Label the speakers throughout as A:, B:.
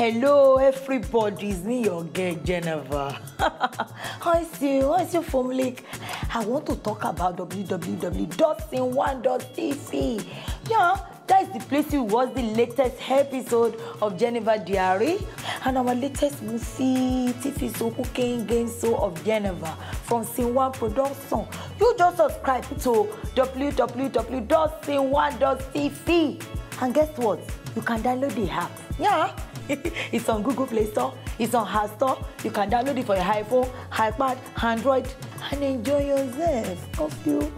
A: Hello, everybody. It's me, your girl, Jennifer. how is you? How is your from Lake? I want to talk about www.sin1.tv. Yeah, that is the place you watch the latest episode of Jennifer Diary and our latest movie, TV so cooking game show of Jennifer from Sin1 Production. You just subscribe to www.sin1.tv and guess what? You can download the app. Yeah. it's on Google Play Store, it's on App Store. You can download it for your iPhone, iPad, Android, and enjoy yourself. Love you.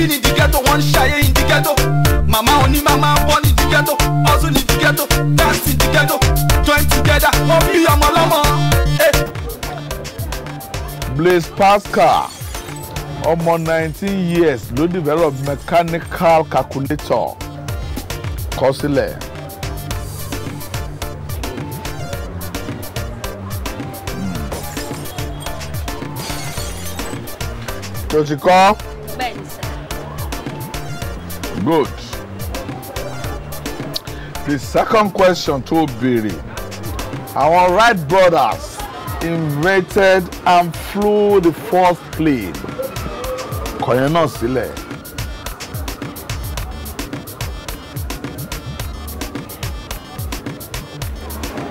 B: Living in the ghetto, one shy in the ghetto. Mama only mama born in the ghetto. Hustle in the ghetto, dance in the ghetto. Join together, hobby amalama. Hey.
C: Blaise Pascal, ọmọ 19 years ló develop mechanical calculator kọ sílẹ̀. Tó good the second question to béèrè Our right brothers invented and flew the fourth plane kọ̀yẹn náà sílẹ̀.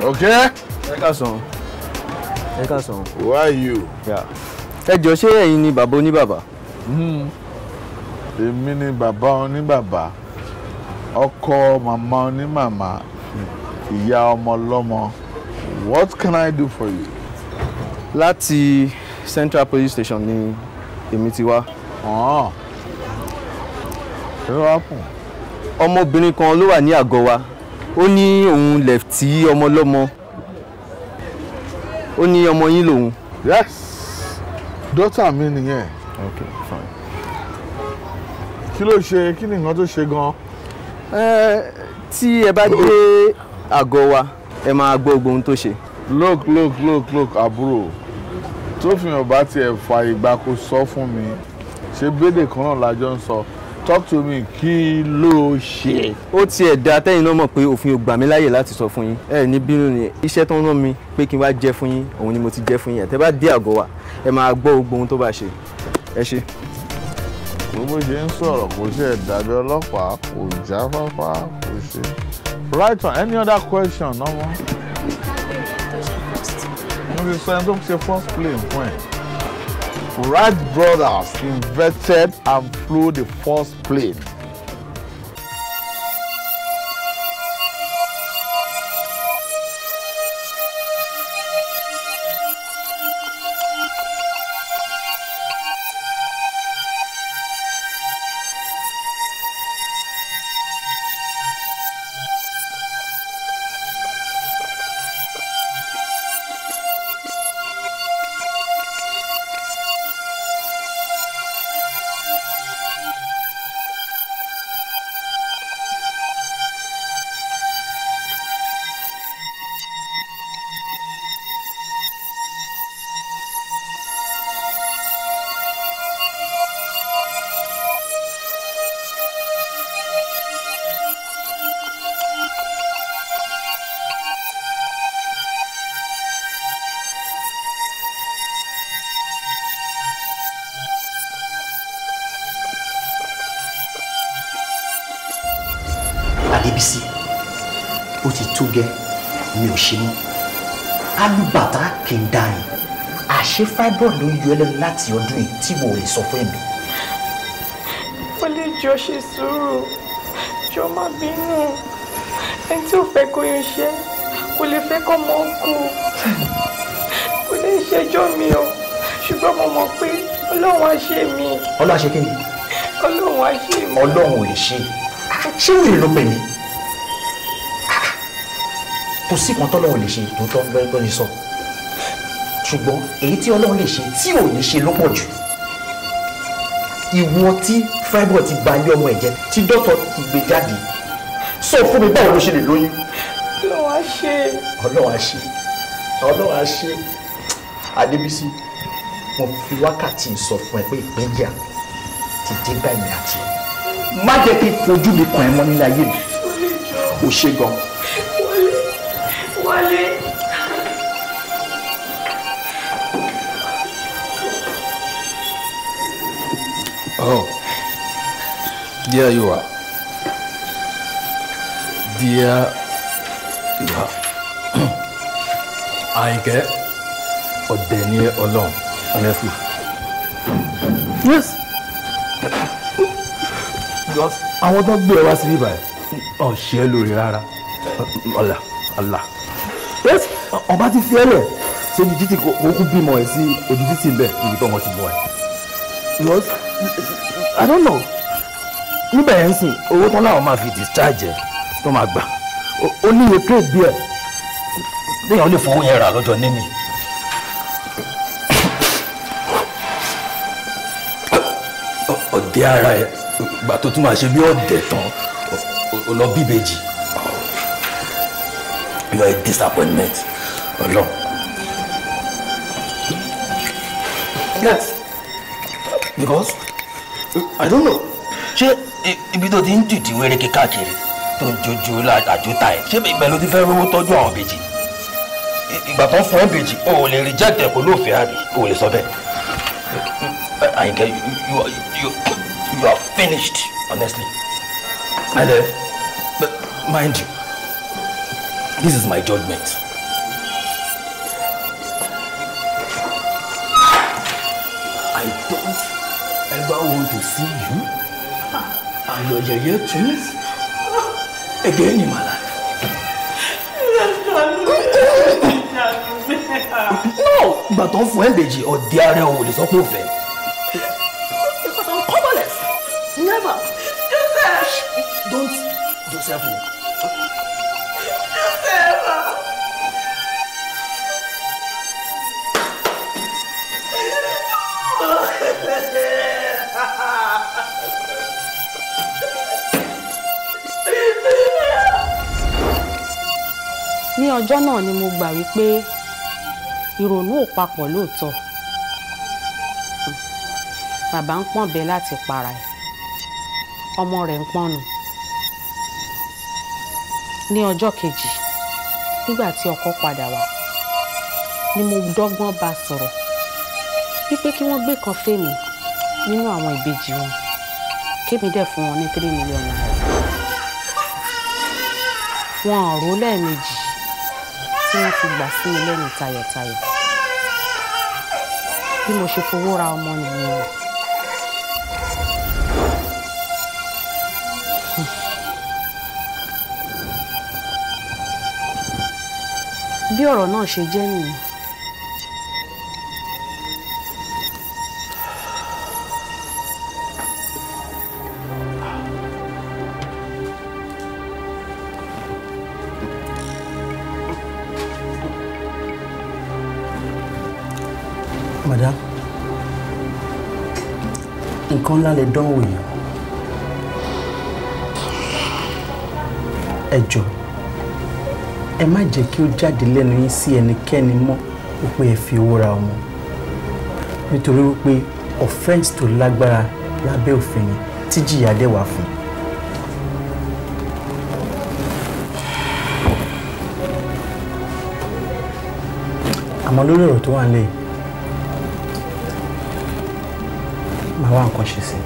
C: okay. ẹ ká sàn ẹ ká sàn. who are you. ẹ jọ ṣé ẹ̀yin ni bàbá oníbàbà. Hmm èmi ni bàbá oní bàbá ọkọ màmá oní màmá ìyá ọmọ lọ́mọ what can I do for you. láti Central Police Station ni èmi ti wá. ṣé ah. wàá kù. ọmọbìnrin kan ló wà ní àgọ́ wa ó ní òun lẹ̀ftì ọmọ lọ́mọ ó ní ọmọ yín lòun. yes Daughter, mi nìyẹn. okay fine kí ló ṣe kí ni nǹkan tó ṣe gan. tí ẹ bá dé àgọ́ wa ẹ máa gbọ́ gbogbo tó ṣe. look look look look àbúrò tó fi hàn bá tiẹ̀ fa ìgbà kó sọ fún mi ṣe bédè kan náà lájọ ń sọ talk to me
D: kí ló ṣe. ó tiẹ̀ da tẹ́yìn náà mọ̀ pé òfin ò gbà mí láàyè láti sọ fún yín ẹ ní bínú ni iṣẹ́ tó ń rán mi pé kí n wá jẹ́ fún yín òun ni mo ti jẹ́ fún yín ẹ̀ tẹ́ bá dé àgọ́ wa ẹ máa gbọ́ gbogbo tó bá ṣe ẹ ṣe
C: pé bó ṣe ń sọ̀rọ̀ kò ṣe ẹ̀dàbí ọlọ́pàá kò jáfáfá kò ṣe. right on. any other question ọmọ. mo ti sọ ẹni tó ṣe first plane. fún ẹ. Wright brothers invented and flew the first plane.
D: mi ò ṣe mọ́ alùbàtà kì í da yìí àṣé fibroid ló ń yọ ẹlẹ́nu láti ọdún yìí tí mo lè sọ fún èmi. ó lè jọ ṣe sùúrù
B: jọ má bínú ẹni tí ò fẹ́ kó yún iṣẹ́ kò lè fẹ́ kọ́ mọ́ kú kò lè ṣẹjọ́ mi o ṣùgbọ́n
E: mo mọ̀ pé
D: ọlọ́run á ṣe mí. ọlọ́run á ṣe kí ni. ọlọ́run á ṣe
E: mí. ọlọ́run ò lè
D: ṣe ṣé wèrè ló pè mí kò sí kan tọ́lọ́run lè ṣe tòótọ́ lọ́dọ́ ní sọ ṣùgbọ́n èyí tí ọlọ́run lè ṣe tí ò ní ṣe ló pọ̀ jù ìwọ tí fibro ti ba ilé ọmọ ẹ̀ jẹ́ tí dọ́tọ̀ ti gbé jáde sọ fún mi báwo ló ṣe lè lóyún. ọlọ́wà ṣe.
C: ọlọ́wà ṣe ọlọ́wà ṣe adébísí mo
D: fi wákàtí sọ fún ẹ pé ìpínjà ti dé báyìí àti má jẹ́ kí fojú mi kàn ẹ́ mọ́ nílé ayé mi ò ṣe gan-an
F: wọlé.
B: Oh, there you are.
C: There you are.
D: I get ni Ọlọ́run honestly. Yes. Because
C: I want to be a sí bíbá ẹ̀ ọ̀ṣẹ́ lórí Allah, Allah. Yes, ọba ti fi ẹlẹ̀ ṣé ojú títì kò kú bímọ ẹ̀ sí ojú títì bẹ́ẹ̀ níbi
D: tó wọ́n ti bọ̀ ẹ̀. because i don't know níbẹ̀ yẹn ń sìn owó tán láwọn máa fi discharge ẹ̀ tó máa gbà ó ní iye crate bíẹ̀ léèyàn lè fowó yẹn rà lọ́jọ́ níní.
B: ọ̀dẹ̀ ara ẹ̀ gbà tó tún máa ṣe bí ọ̀dẹ̀ tán ó lọ bíbejì you are a
D: disappointment ọlọ. yes because i don't know ṣé ibi tó ti ń dìdì wéreke káàkiri tó ń jojú àjòta ẹ ṣé ibẹ̀ ló ti fẹ́ rówó tọ́jú àwọn bèjì ìgbà tó ń fún ẹ bèjì o ò lè reject ẹ kó lóòfẹ́ àbí o ò lè sọ bẹ́ẹ̀. Àyìnkẹ́, you are you you are finished honestly. And uh, but mind you, This is my judgment.
B: I don't ever want to see you ah, and your yeye twins again in my life.
D: no ìgbà tó ń fún ẹ̀ ń bèjì ọ̀dí ara ẹ̀ ò lè sọ pé ò fẹ́. never. don't do self-work.
G: ọjọ́ náà ni mo gbà wípé ìrònú ò papọ̀ lóòótọ́ bàbá ń pọ́n bẹ láti para ẹ̀ ọmọ rẹ̀ ń pọ́nnu ní ọjọ́ kejì nígbà tí ọkọ padà wá ni mo dọ́gbọ́n bá sọ̀rọ̀ wípé kí wọ́n gbé kan fèmí nínú àwọn ìbejì wọn kémi dẹ̀ fún wọn ní three million naira wọn ò rò lẹ́ẹ̀mejì tí wọ́n ti gbà sí mi lẹ́nu tayọ̀tayọ̀ bí mo ṣe fowó ra ọmọ nìyẹn o. bí ọ̀rọ̀ náà ṣe jẹ́ nìyẹn.
D: ńlá lè dánwò yìí ẹ jọ ẹ má jẹ́ kí ó jáde lẹ́nu yín sí ẹnikẹ́ni mọ́ wípé ẹ fi owó ra ọmọ nítorí wípé offence tó lágbára lábẹ́ òfin ni tí jìyà dẹ̀ wà fún. àmọ́ lórí ọ̀rọ̀ tó wà nílẹ̀ máa wá nǹkan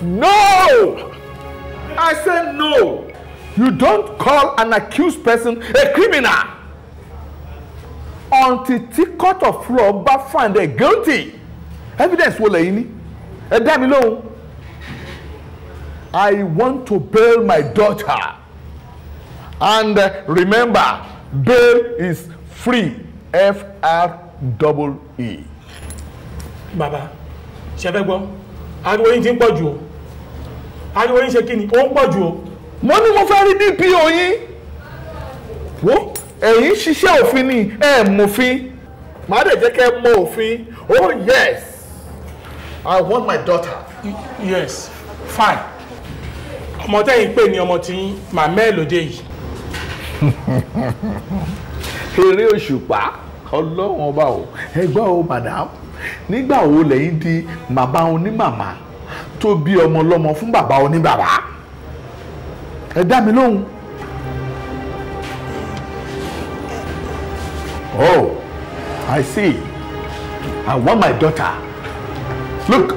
C: No! I said no! You don't call an accused person a criminal until the court of law bá find them guilty. Evidence wo lẹ́yìn ni? Ẹ dá mi lóhùn. I want to bail my daughter. And uh, remember, bail is free. F R E. e. Baba, ṣe fẹ́ gbọ́, ariwo yín ti ń pọ̀ jù o. Ariwo yín ṣe kí ni? Ó ń pọ̀ jù o. Mo ní mo fẹ́ rí DPO yín. Wo ẹ̀yin ṣiṣẹ́ òfin ni ẹ̀ mòfin. Màá dẹ̀ jẹ́ kẹ́ ẹ mọ òfin. Oh yes, I want my daughter. Yes, fine. Ọmọ tẹ́yìn pè ní ọmọ tí màmá ẹ̀ lóde yìí eré òṣùpá ọlọ́run ọba o ẹgbẹ́ o madam nígbà wo lẹ́yìn di màmá onímàmá tó bí ọmọ lọ́mọ fún bàbá oníbàbá ẹ dá mi lóhùn. Oh, I see. I want my daughter. Look,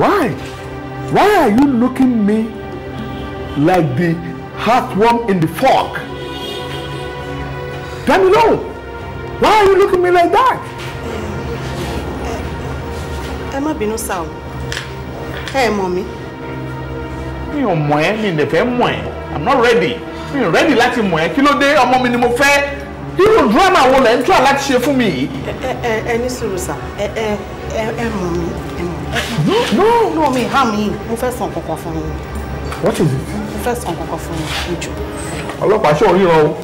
C: why? Why are you looking me like the heartworm in the fork? Let me know. Why are you looking at
G: me like that? Ẹ má bínú sá o. Ẹ mọ̀ mí.
C: Mi ò mọ̀ ẹ́, mi I'm not ready. Me ready láti mọ̀ ẹ́. Kí ló dé? Ọmọ mi ni mo fẹ́. Irú drama wo lẹ̀ ń tún àláti ṣe fún
G: mi yìí? Ẹ Eh, ẹ ní sùúrù sá. Ẹ ẹ ẹ ẹ mọ̀ No no mi há me. Mo fẹ́ sàn kankan fún yín. What is it? Mo fẹ́ sàn kankan fún yín. Ìjọ.
C: Ọlọ́pàá ṣe You know.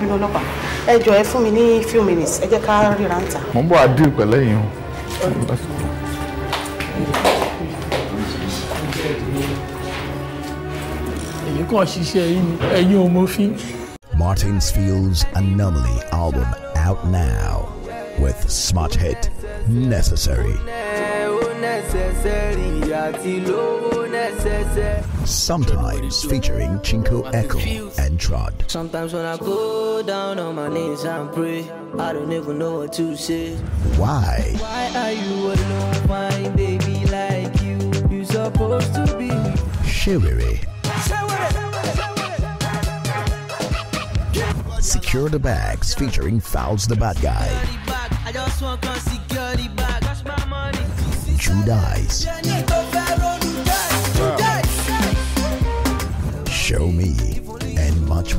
G: bínú ọlọ́pàá ẹ jọ ẹ fún mi ní few minutes ẹ jẹ́ ká ríra ń
C: mo bọ̀ àdìr pẹ̀lẹ́ yìí o.
D: Martinsfield's Anomaly
C: album out now with smart hit Necessary sometimes
H: featuring Chinko Echo and Trod.
A: Sometimes when I go down on my knees and pray, I don't even know what to say. Why? Why are you alone, my baby, like you? You are supposed to be
H: Shiriri.
C: Secure the bags featuring Fouls the Bad Guy.
H: Jude Eyes.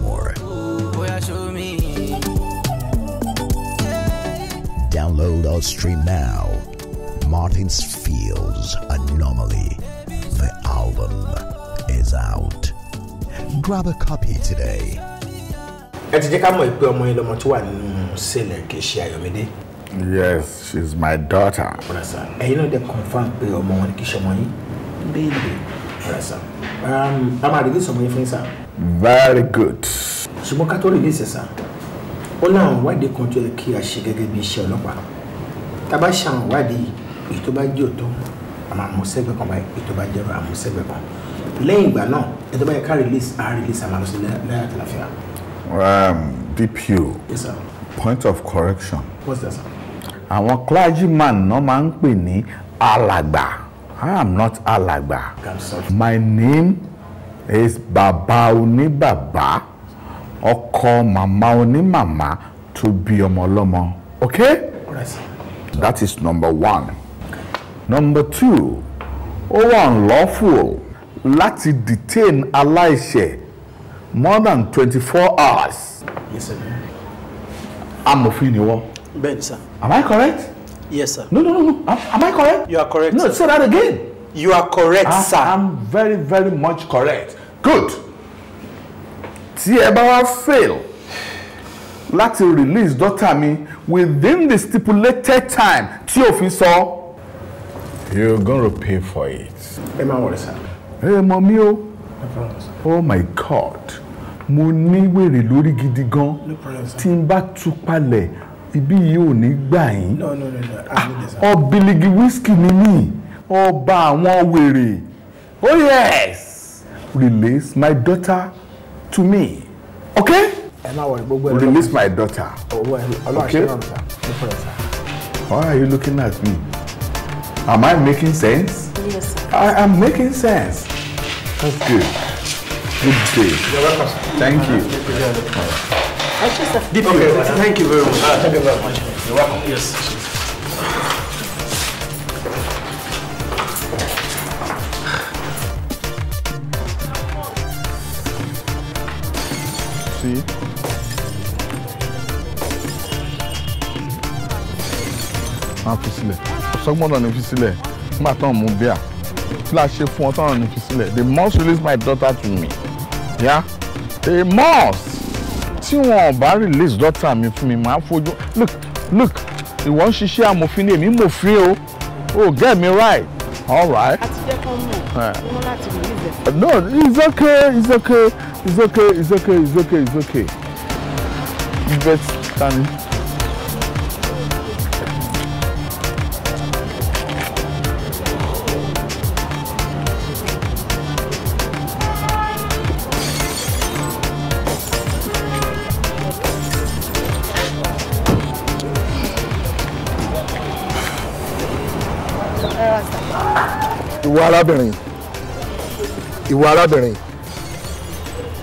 H: more. Download or stream now. Martin's Fields Anomaly. The album is out. Grab a copy
D: today. pé ọmọ
C: yes she's my daughter.
D: you know they confam pé ọmọ Right, sir. Um, I'm going to release some info, sir. Very good. Ṣùgbọ́n ká tó release, sir. Ó láwọn ìwádìí kan tó yẹ kí a ṣe gẹ́gẹ́ bí iṣẹ́ ọlọ́pàá. Tá a bá ṣe àwọn ìwádìí èyí tó bá jẹ́ òótọ́, a máa mú sẹ́gbẹ̀ẹ́ kan báyìí, èyí tó bá jẹ́rọ àmú sẹ́gbẹ̀ẹ́ kan. Lẹ́yìn ìgbà náà, èyí tó bá yẹ ká release, a release àmàlọ́ sí lẹ́yà àtàlàfíà.
C: Um, DPO. Yes, sir. Point of correction. What's that, sir? Àwọn clergyman náà máa ń pè ní alàgbà. I am not Alàgbà. My name is Baba. Bàbá Oníbàbá, ọkọ Màmá Onímàmá to be ọmọ ọlọ́mọ. Okay? That is number one. Number two, ó wà unlawful láti detain aláìṣẹ̀ more than twenty-four hours. Yes, sir. Amòfin ni wọ́n.
D: Bẹ́ẹ̀ni sá. Am I correct? Yes, sir. No, no, no, no. Am, am I correct? You are correct. No, sir. say that again. You are correct, I, sir. I'm very, very much correct.
C: Good. Tí ẹ bá wá fail láti release daughter mi within the stipulated time tí òfin sọ. You're gonna pay for it. Ẹ máa wọlé sá. Ẹ mọ mi o. Oh my God. Mo ní wèrè lórí gidi gan. No problem sir. Tí n bá tú palẹ̀ ibi yìí ò ní gbà yín ọ̀bìlìgì wíṣkì ni mí ọba àwọn wèrè oh yes release my daughter to me okay release my daughter okay why are you looking at me am I making sense yes sir. I am making sense that's good good day thank you. Thank you.
D: Thank you, okay, thank you very much. Uh, thank you very much. You're welcome. Yes.
C: See? máa fi sílẹ̀ sọ́gbọ́n náà ní fi sílẹ̀ nígbà tán mú bíà tí la ṣe fún ọ tán ní fi sílẹ̀ they must release my daughter to me yeah? they must tí wọn ò bá release daughter mi fún mi màá fojú look look ìwọ ń ṣiṣẹ́ amòfin ni èmi mòfin o oh get me right all right. àti jẹ́ kán mọ̀ eh. wọn láti release ẹ̀. no it's okay it's okay it's okay it's okay it's okay it's okay. best tani.
I: ìwọ arábìnrin ìwọ arábìnrin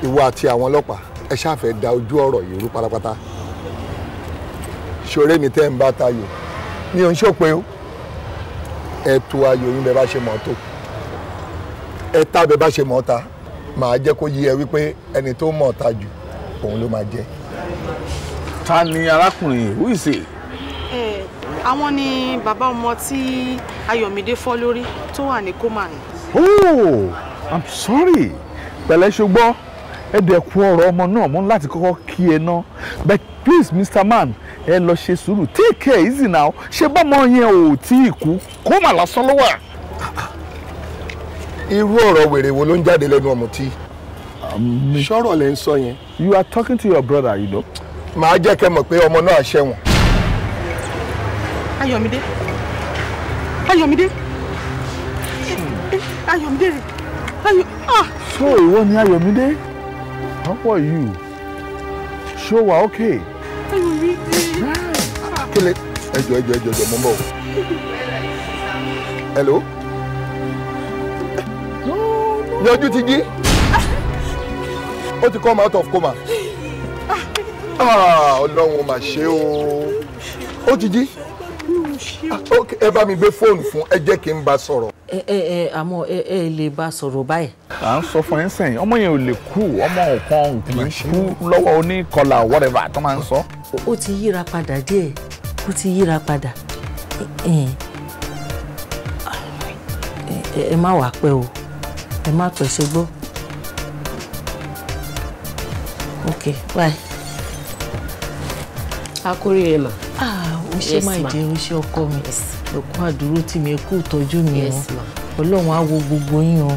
I: ìwọ àti àwọn ọlọ́pàá ẹ ṣáfẹ́ da ojú ọ̀rọ̀ yìí rú pátápátá ṣoré mi tẹ́ ń bá tayò mi ò ń ṣòpin o ẹ to ayò yín bẹ bá ṣe mọ́ tó ẹ ta bẹ bá ṣe mọ́ ta màá jẹ́ kó yí ẹ wípé ẹni tó mọ̀ ta jù òun ló máa jẹ. ta
C: ni arákùnrin yìí wíìsì
G: àwọn ni bàbá ọmọ tí Ayọ̀mídé fọ́ lórí tó wà ní kómà
C: oh i'm sorry pẹ̀lẹ́ ṣùgbọ́n ẹ dẹ̀kun ọ̀rọ̀ ọmọ náà mo láti kọ́kọ́ kí ẹ ná but please mr man ẹ lọ ṣe sùúrù take care easy now ṣé bọ́mọ yẹn ò tí ì kú kómà lásán ló wà. irú ọ̀rọ̀ wèrè wo ló ń jáde lẹ́nu ọ̀mùtí
I: sọ̀rọ̀ um, lẹ́ ń sọ yẹn. you are talking to your brother you know. màá jẹ́ kẹ́ mọ̀ pé ọmọ náà ṣẹ̀wọ̀n
G: Ayọ̀mídé Ayọ̀mídé Ayọ̀mídé rè Ayọ̀ ah. So ìwọ
C: ni Ayọ̀mídé? How are you? Ṣó wà okay? Ayọ̀mídé. Ah, Kílẹ̀ ẹjọ́ ẹjọ́ ẹjọ́ ẹjọ́ mọ́ bọ̀.
I: Hello? Yọjú ti jí. Ó ti come out of coma. Ah. Ah, Ọlọ́run mà ṣe o. Ó ti jí. Ah, ẹ bá mi gbé fóònù fún ẹ jẹ́ kí n bá sọ̀rọ̀.
A: ẹ ẹ ẹ àmọ́ ẹ ẹ lè bá sọ̀rọ̀ báyìí. à ń sọ fún ẹ sẹ́yìn
C: ọmọ yẹn ò lè kú ọmọ nǹkan kì í kú lọ́wọ́ oníkọlà whatever tó máa ń sọ.
A: ó ti yíra padà díẹ̀ ó ti yíra padà ẹ má wàá pẹ́ o ẹ má pẹ́ ṣe gbọ́.
G: ok bye. a kórè mà.
F: ah ó ṣe máa jẹ
G: ó ṣe ọkọ mi ẹ kú àdúró tì mí kú ìtọ́jú mi o ọlọ́run á wo gbogbo yín o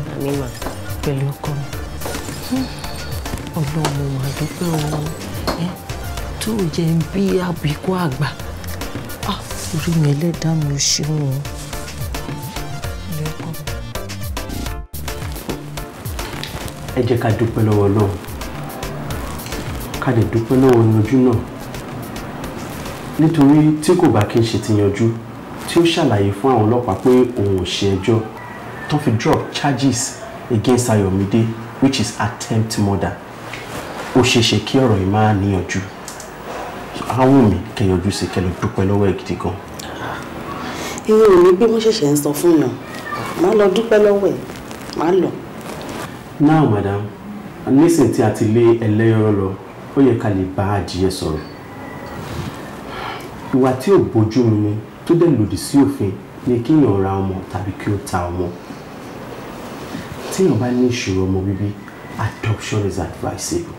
G: pẹ̀lú ọkọ mi
A: hmm. ọlọ́run mo mà dúpẹ́ o tó o jẹ́ ń bí àbíkú àgbà ah, orí mi ẹlẹ́dàá mi ò ṣeun o.
D: ẹ jẹ́ ká dúpẹ́ lọ́wọ́ ọlọ́run ká lè dúpẹ́ lọ́wọ́ ọ̀nàjú náà nítorí tí kò bá kí n ṣe ti yanjú tí ó ṣàlàyé fún àwọn ọlọ́pàá pé òun ò ṣe ẹjọ́ tó fi drop charges against Ayọ̀mídé which is attempt murder ó ṣeéṣe kí ọ̀rọ̀ yìí máa níyanjú àwọn mi kẹyọjú sí kẹlẹ dúpẹ́ lọ́wọ́ ẹ̀ gidi gan.
A: ìwé ò ní bí mo ṣẹ̀ṣẹ̀
G: ń sọ fún yàn má lọ dúpẹ́ lọ́wọ́ ẹ̀ má lọ.
D: now madam nísìnyí tí a ti lé ẹlẹ́yọ̀rọ̀ lọ ó yẹ ká lè bá adìyẹ sọ̀rọ̀ ìwà tí ò bójú mu ni tó dẹ̀ lòdì sí òfin ni kéèyàn ra ọmọ tàbí kí ó ta ọmọ téèyàn bá ní ìṣòro ọmọ bíbí adoption is advisable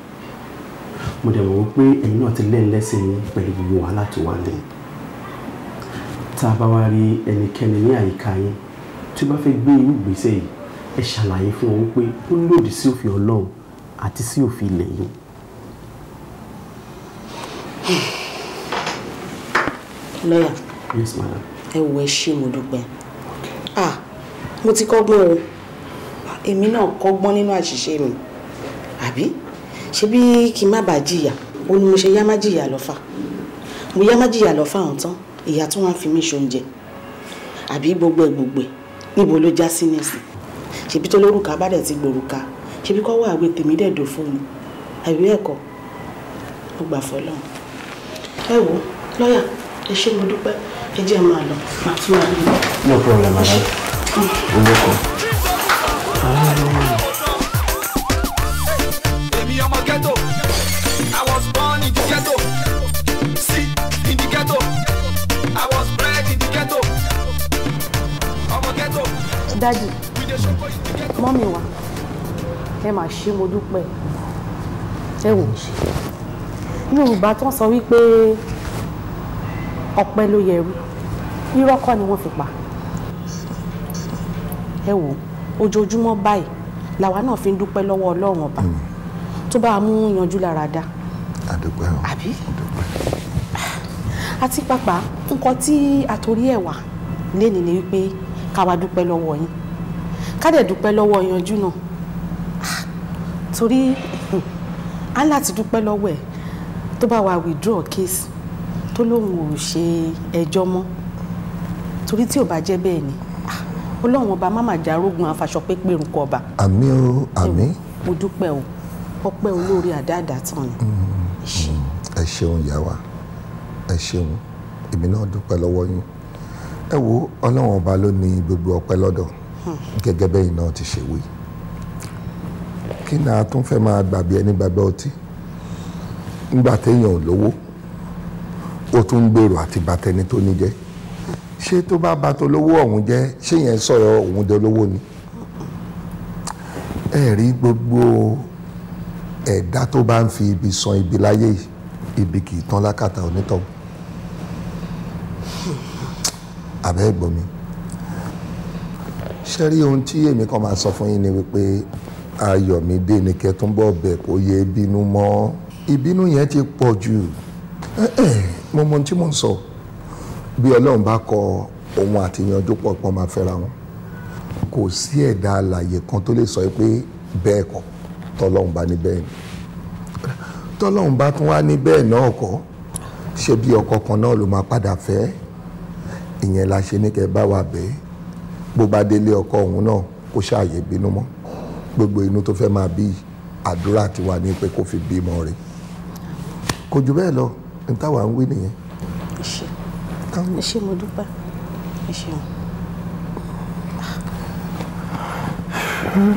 D: mo dẹ̀ mọ̀ wípé ẹ̀yin náà ti lẹ́yìn lẹ́sìn ní pẹ̀lú gbogbo wàhálà tó wà lẹ́yìn tá a bá wá rí ẹnikẹ́ni ní àyíká yín tí ó bá fẹ́ gbé irú ìgbésẹ̀ yìí ẹ ṣàlàyé fún wọn wípé ó lòdì sí òfin ọlọ́run àti sí òfin ilẹ̀ yìí lọ́yà yes madam
G: ẹ wo ẹ ṣé mo dúpẹ́ ah mo ti kọ́gbọ́n o èmi náà kọ́gbọ́n nínú àṣìṣe mi àbí ṣe bí kí n má bàa jìyà ó ní mo ṣe yá má jìyà lọ́fà mo yá má jìyà lọ́fà ọ̀hún tán ìyá tó wọ́n fi mí ṣoúnjẹ àbí gbogbo ẹ̀ gbogbo ẹ̀ níbo ló já sí nísìn ṣebí tó lórúkà bá dẹ̀ ti gbòrúkà ṣebí kọ́ wà àgbẹ̀ tèmi dẹ̀ dò fún mi àbí ẹ̀kọ́ mo gbà fọlọ́run ẹ wo lọ́yà ẹ ṣé mo dúpẹ́ ẹ jẹ́ máa lọ màá tún wà nínú.
D: no problem madam owó kan.
B: ghetto I was born in the ghetto see in the ghetto I was bred in the ghetto ọmọ ghetto.
G: dadi mọ́mí wa ẹ mà ṣé mo dúpẹ́ ẹ wò ó yorùbá tán sọ wípé ọpẹ́ ló yẹ rú irọ́ kọ́ ni wọ́n fi pa ẹ wò ojoojúmọ́ báyìí làwa náà fi ń dúpẹ́ lọ́wọ́ ọlọ́run ọba hmm. tó bá mú yanjú lára dá àdúpẹ́ o àbí àti pàpà nǹkan tí àtòrí ẹ̀ wà léni ni wípé ká wá dúpẹ́ lọ́wọ́ yín ká dẹ̀ dúpẹ́ lọ́wọ́ yanjú náà torí á láti dúpẹ́ lọ́wọ́ ẹ̀ tó bá wa withdraw case tó lóun ò ṣe ẹjọ́ mọ́ torí tí ò bá jẹ́ bẹ́ẹ̀ ni ọlọ́run ọba máma jarógun afaṣọ pépé rúkọ ọba.
I: àmì o àmì.
G: mo dúpẹ́ o ọpẹ́ olórí àdáàdá tán ni. Mm-hmm.
I: Mm-hmm. ẹ ṣeun ìyá wa ẹ ṣeun èmi náà dúpẹ́ lọ́wọ́ yín ẹ wo ọlọ́run ọba ló ní gbogbo ọpẹ́ lọ́dọ̀ hmm. gẹ́gẹ́ bẹ́yìn náà ti ṣe wí kí ni a tún fẹ́ máa gbàgbé ẹni gbàgbé ọtí nígbà téèyàn lówó ó tún ń gbèrò àti bàtẹni tó ní jẹ́ ṣé tó bá ba tolówó ọ̀hún jẹ́ ṣé yẹn sọ̀rọ̀ òun dolówó ni ẹ rí gbogbo ẹ̀dá tó bá ń fi ibi san ibi láyé ibi kì í tán lákàtà onítọ̀hún àbẹ́ ẹ̀gbọ́n mi ṣe rí ohun tí èmi kan máa sọ fún yín ni wípé ayọ̀mídé ni kẹ́túnbọ̀ bẹ̀ kó yẹ bínú mọ́ ìbínú yẹn ti pọ̀ jù. Eh, eh mo mọ ohun tí mò ń sọ bí ọlọ́run bá kọ òun àti ìyanjú pọ̀ pọ̀ máa fẹ́ra wọn kò sí ẹ̀dá alàyè kan tó lè sọ pé bẹ́ẹ̀ kọ́ tọ́lọ́run bá ní bẹ́ẹ̀ ni tọ́lọ́run bá tún wá ní bẹ́ẹ̀ náà kọ́ ṣé bí ọkọ kan náà ló máa padà fẹ́ ìyẹn la ṣe ní kẹ́ bá wa bẹ́ẹ̀ bó bá délé ọkọ òun náà kó ṣàyè bínú mọ́ gbogbo inú tó fẹ́ máa bí àdúrà tiwa ní pé kó fi bímọ rẹ̀ kò jù bẹ́ẹ̀ lọ. Nta táwa nwi wí nìyẹn.
G: ṣe ṣe mo dúpẹ́ ṣe o.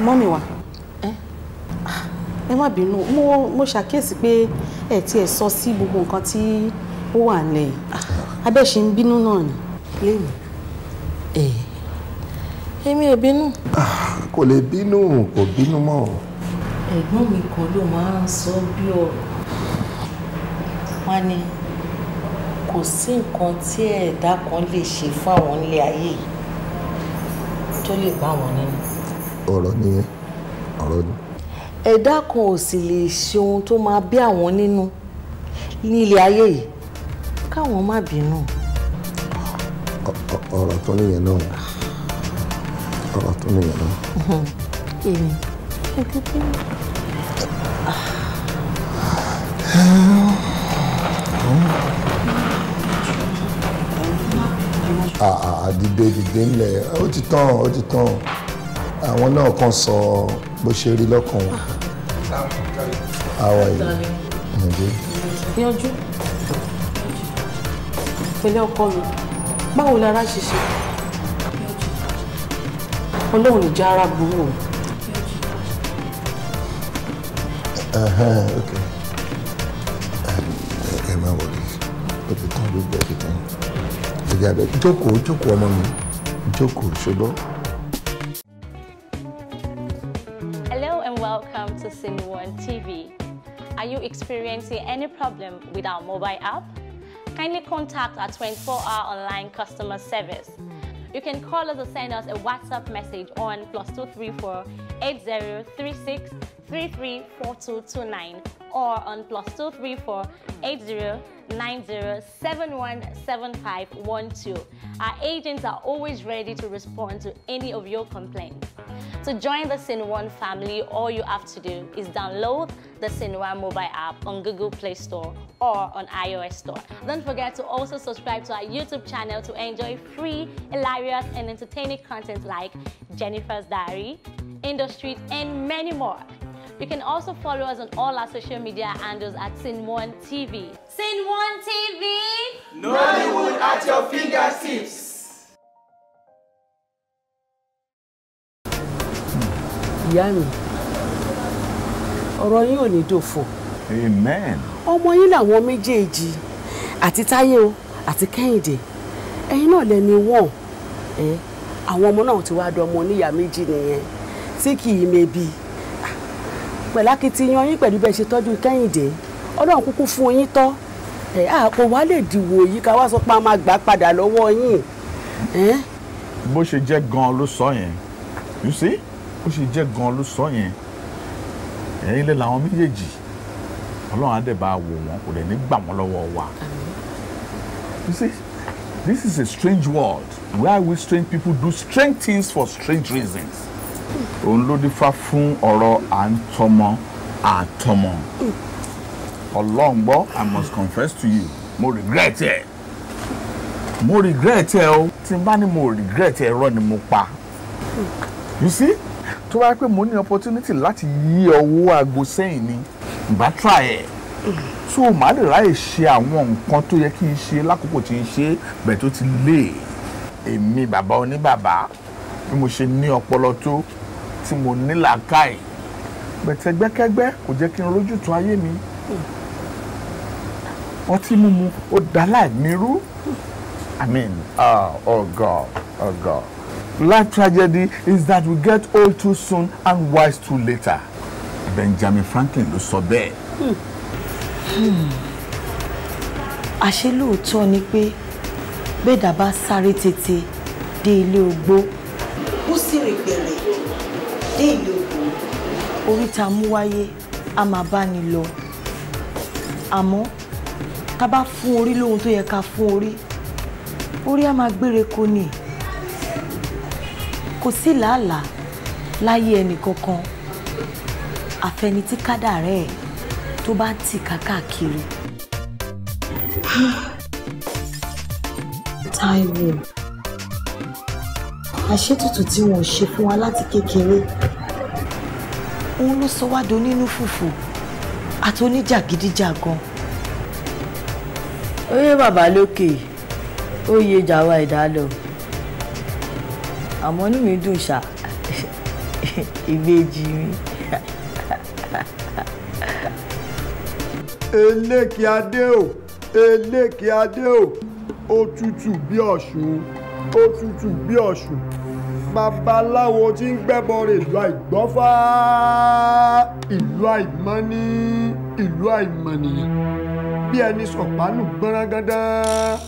G: mọ́mì wa ẹ má bínú mo mo ṣàkíyèsí pé ẹ tiẹ̀ sọ sí gbogbo nǹkan tí ó wà nílẹ̀ abẹ́ ṣe ń bínú náà ni léèmí. ẹ èmi ò bínú. Ah,
I: kò lè bínú kò bínú mọ́.
G: ẹ̀gbọ́n mi kan ló máa ń sọ bí ọ̀rọ̀ wọ́n ní kò sí nǹkan tí ẹ̀dá kan lè ṣe fún àwọn ilé ayé yìí tó lè bá wọn nínú.
I: ọ̀rọ̀ nìyẹn ọ̀rọ̀ ni.
G: ẹ̀dá kan ò sì lè ṣe ohun tó máa bí àwọn nínú ní ilé ayé yìí
A: káwọn má bínú.
I: ọ̀rọ̀ tó nìyẹn náà
F: ọ̀rọ̀ tó nìyẹn náà. èmi ẹgbẹ́ bí.
I: àdìde dìde ńlẹ̀ ó ti tán ó ti tán àwọn náà kàn sọ bó ṣe rí lọ́kàn wọn. àwa yìí nìyí.
G: yanjú pẹ̀lẹ́ ọkọ mi báwo lára ṣiṣẹ́ ọlọ́run ní já burú o.
I: ẹ máa wọlé ó ti tán ló gbẹ ó ti tán. ọmọ mi ṣùgbọ́n.
A: Hello and welcome to one TV. Are you experiencing any problem with our mobile app? Kindly contact our 24-hour online customer service. You can call us or send us a WhatsApp message on plus 234 8036 334229 or on plus 234 Our agents are always ready to respond to any of your complaints. To join the Sinwan family, all you have to do is download the Sinwan mobile app on Google Play Store or on iOS Store. Don't forget to also subscribe to our YouTube channel to enjoy free, hilarious, and entertaining content like Jennifer's Diary, Industry, and many more. You can also follow us on all our social media handles at Sin1 TV. Sin1 TV!
D: Nollywood at your fingertips! Yami, mi
G: ọ̀rọ̀ yín ò ní dòfo. amen. ọmọ yín làwọn méjèèjì àti táyé o àti kẹ́hìndé ẹ̀yin náà lẹ́ni wọ́n ẹ̀ àwọn ọmọ náà ti wá dọmọ oníyàá méjì nìyẹn tí kì í mebi pẹ̀lú akitiyan yín pẹ̀lú bẹ́ẹ̀ ṣe tọ́jú kẹ́hìndé ọlọ́run kúkú fún yín tọ́ ẹ̀ á kò
D: lè dìwò yìí ká wá sọ pé a máa gbà padà lọ́wọ́ yín.
G: bó ṣe
C: jẹ́ gan-an ló sọ yẹn you see bó ṣe jẹ́ gan-an ló sọ yẹn ẹ̀yin lè làwọn méjèèjì ọlọ́run á dẹ̀ bá wò wọ́n kò dẹ̀ ní gbà wọ́n lọ́wọ́ wa you see this is a strange world where we strange people do strange things for strange reasons òun ló dífá fún ọ̀rọ̀ à ń tọmọ àtọmọ ọlọ́run gbọ́ i must confess to you mo regret ẹ mo regret ẹ o tí n bá ní mo regret ẹ rọ ni mo pa you see tó bá yẹ mo ní opportunity láti yí ọwọ́ aago sẹ́yìn ni ìgbà try ẹ̀ tó o má lè ráyè ṣe àwọn nǹkan tó yẹ kí n ṣe lákòókò tí n ṣe bẹ̀ tó ti lé èmi bàbá oníbàbá bí mo ṣe ní ọpọlọ tó tí mo ní làákàyè gbẹ̀tẹ̀gbẹ́kẹ́gbẹ́ kò jẹ́ kí n rójútùú ayé mi ọtí mímu ó dá láìní rú I mean oh, ah, oh God oh God life tragedy is that we get old too soon and wise too later Benjamin Franklin ló sọ bẹ́ẹ̀.
A: Hmm. àṣé lóòótọ́ ni pé bẹ́ẹ̀dá bá sáré tètè dé ilé ogbó
G: kú sí rìgbẹ̀rẹ̀
A: dé ìlú òkú. orí tá mú wáyé a máa bá ni lọ àmọ́ ká bá fún orí lóhun tó yẹ ká fún orí orí a máa gbére ko ni kò sí làálàá láyé ẹnì kankan àfẹni tí kádàrẹ́ ẹ̀ tó bá ń tì kákàkiri. Táíwò àṣetùtù tí wọn ò ṣe fún wa láti kékeré òun ló sọ wá do nínú fùfù àti oníjàgídíjàgan. oyè bàbá lókè oyè jàwa ìdálọ àmọ́ inú mi dùn ṣá ìbejì mi. eléèkì adé o eléèkì
H: adé o ó tutù bí ọ̀ṣun ó tutù bí ọ̀ṣun babaláwo tí ń gbẹ́bọ rè ìlú àìgbọ́fà ìlú àìmọ́ni ìlú àìmọ̀nìyàn bí ẹni sọ̀pánù gbọ́nrangandan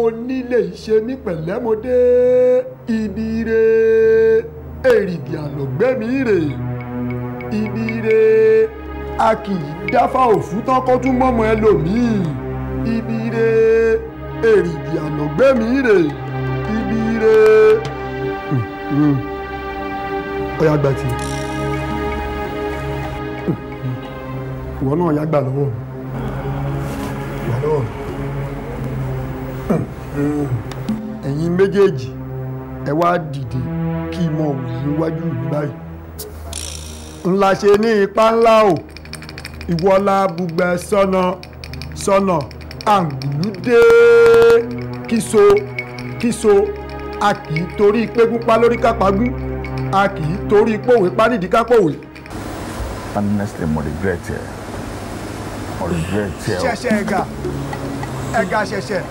H: onílé ìṣe ní pẹ̀lẹ́mọdé ibi re èrìgì àlọ́gbẹ́mí rè ibi re a kì í dáfá òfútọ́ kó tún mọ́mọ́ ẹlòmíì ibi re èrìgì àlọ́gbẹ́mí rè ibi re ọyà hmm. gba ti ìwọ náà yà gbà lọ́wọ́ gbà lọ́wọ́ ẹ̀yin méjèèjì ẹ wá dìde kí n mọ òwò níwájú mi báyìí ńlá ṣe ní ipá ńlá o ìwọ la bùgbẹ sọnà sọnà àǹgùlùdé kíso kíso a kì í torí pé pupa lórí kápagbí a kì í torí pòwe pánìdí kápòwe.
C: honestly mo regret ẹ mo regret ẹ. ṣẹ̀ṣẹ̀
H: ẹ̀gà ẹ̀gà ṣẹ̀ṣẹ̀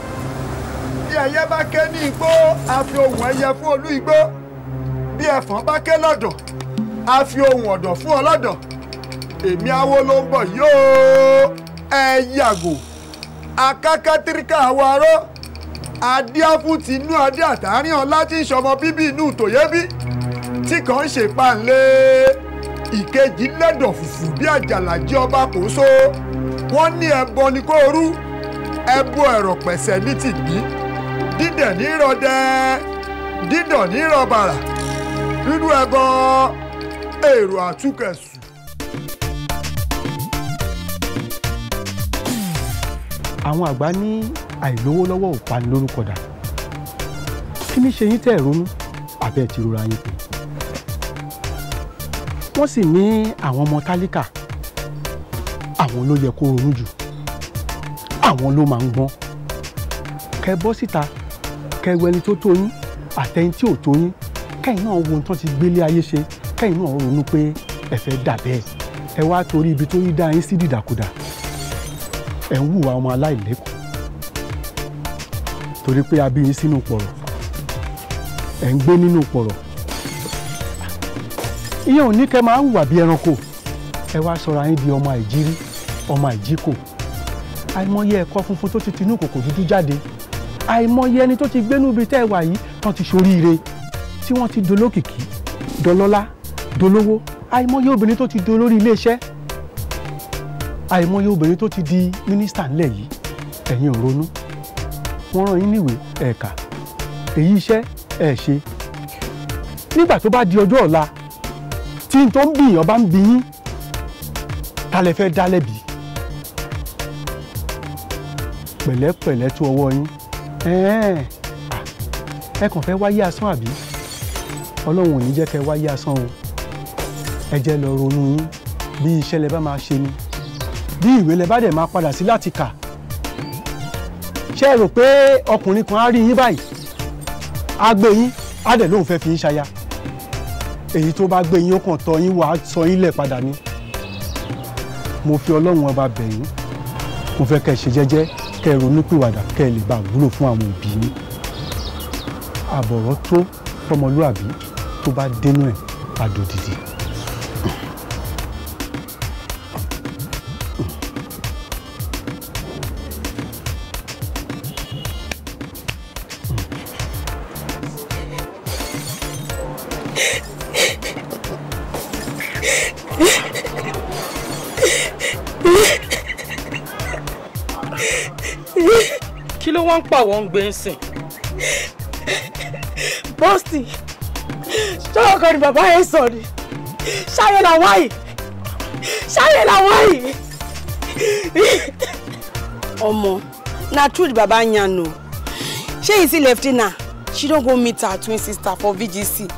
H: bí ẹyẹ bá ké ní igbó a fi ohùn ẹyẹ fún olú igbó bí ẹfọ̀n bá ké lọ́dọ̀ a fi ohùn ọ̀dọ̀ fún ọlọ́dọ̀ èmi awo ló ń bọ̀ yóò ẹ yàgò akákátíríkà àwọ̀ arọ́ adíáfún ti inú adé àtàárín ọlá tí ń ṣọmọ bíbí inú tòyébí tí kàn ń ṣèpàǹlé ìkejì lẹ́dọ̀ fùfù bí àjàlájì ọba kò so wọ́n ní ẹbọ ni kó rú ẹbọ ẹ̀rọ pẹ̀sẹ̀ ní tìgbín dídẹ̀ ní rọdẹ dídọ̀ ní rọbàrà nínú ẹbọ èrò àtúkẹ̀sù.
E: àwọn àgbà ní àìlówó lọ́wọ́ ò pa ní lórúkọ dà kí ní ṣe yín tẹ́ ẹ̀ ronú àbẹ́ ti rora yín pé wọ́n sì ní àwọn ọmọ tálíkà àwọn ló yẹ kó ronú jù àwọn ló máa ń gbọ́n kẹ bọ́ síta kẹ wẹni tó tó yín àtẹni tí ò tó yín kẹ́yìn náà wo ohun tó ti gbélé ayé ṣe kẹ́yìn náà ronú pé ẹ fẹ́ dà bẹ́ẹ̀ ẹ wá torí ibi tó yí dá yín sí dìdàkudà ẹ̀ ń hùwà ọmọ aláìlẹ́kọ̀ọ́ torí pé a bí yín sínú pọ̀rọ̀ ẹ̀ ń gbé nínú pọ̀rọ̀ ìyẹn ò ní kẹ́ máa ń wà bí ẹranko ẹ wá sọra yín di ọmọ àìjírí ọmọ àìjíkò àìmọye ẹ̀kọ́ funfun tó ti tinú kòkò dúdú jáde àìmọye ẹni tó ti gbénú ibi tẹ́ ẹ wà yìí tán ti ṣoríire tí wọ́n ti dolókìkí dọlọ́lá dolówó àìmọye obìnrin tó ti di olórí iléeṣẹ́ àìmọye obìnrin tó ti di mínísítà ńlẹ̀ yìí ẹ̀yin ò wọ́n rán yín níwèé ẹ̀ka èyí iṣẹ́ ẹ̀ ṣe nígbà tó bá di ọjọ́ ọ̀la tí n tó ń bì yàn bá ń bì yín ta lẹ fẹ́ dá lẹ́bi pẹ̀lẹ́pẹ̀lẹ́ tó ọwọ́ yín ẹ kàn fẹ́ wáyé asán àbí ọlọ́run ò ní jẹ́ kẹ́ wáyé asán o ẹ jẹ́ lọ ronú yín bí iṣẹ́ lẹ bá máa ṣe ni bí ìwé lẹ bá dẹ̀ máa padà sí láti kà ṣé ẹ rò pé ọkùnrin kan á rí yín báyìí á gbé yín á dẹ̀ lóun fẹ́ fi yín ṣaya èyí tó bá gbé yín ó kàn tọ́ yín wàá sọ yín lẹ̀ padà ni mo fi ọlọ́run ọba bẹ̀ yín mo fẹ́ kẹ́ ẹ ṣe jẹ́jẹ́ kẹ́ ẹ ronúpìwàdà kẹ́ ẹ lè bá wúlò fún àwọn òbí yín àbọ̀rọ̀ tó fọmọlúàbí tó bá dénú ẹ̀ àdòdìdì.
D: kí ló wọ́n ń pa àwọn gbé ń sìn. bọ́ọ̀sì ṣọ́ọ̀ kan ni bàbá yẹn sọ ni ṣáyé làwọn yìí
F: ṣáyé làwọn yìí.
G: ọmọ na truth baba yan o ṣé yìí sí lefty na she don go meet her twin sister for VGC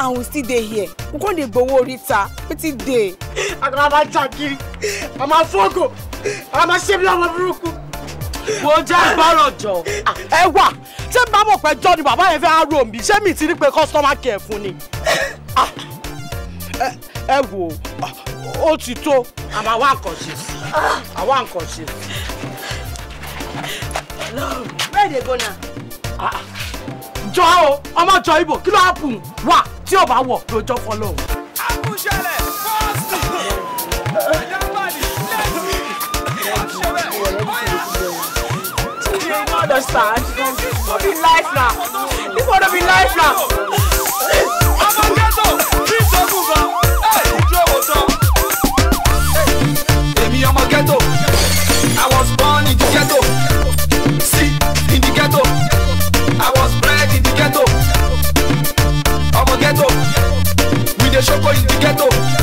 G: and we still dey here we come dey gbowo orita wetin dey. àgbà máa ń jà kiri a máa fọ́gò a máa ṣe bí ọmọ burúkú.
B: wo jẹ́ gbọ́rọ̀ jọ. Ah, ẹ wà ṣé bá mọ̀ pé jọ́ ni bàbá yẹn fẹ́ á rò mí ṣé mi ti rí pé customer care fún ni. Ah, ẹ wò ah, ó ti tó. àmọ́ àwa nǹkan ṣe sí àwa nǹkan ṣe sí.
G: where dey go now.
B: jọ o ọmọ jọ ibo kí ló happen wà tí ò bá wọ̀ lójọ́ fọlọ́. àkùnṣẹlẹ̀ fọ́ọ̀sì àjọpàdé lẹ́sìn ọ̀ṣẹ̀rẹ̀ ọ̀yà. you no understand no be life na this one no be life na. ọmọ gẹ́tò bí ìṣègùn gan ẹ̀ ìjú èwo I was born in the ghetto. dey show boys the ghetto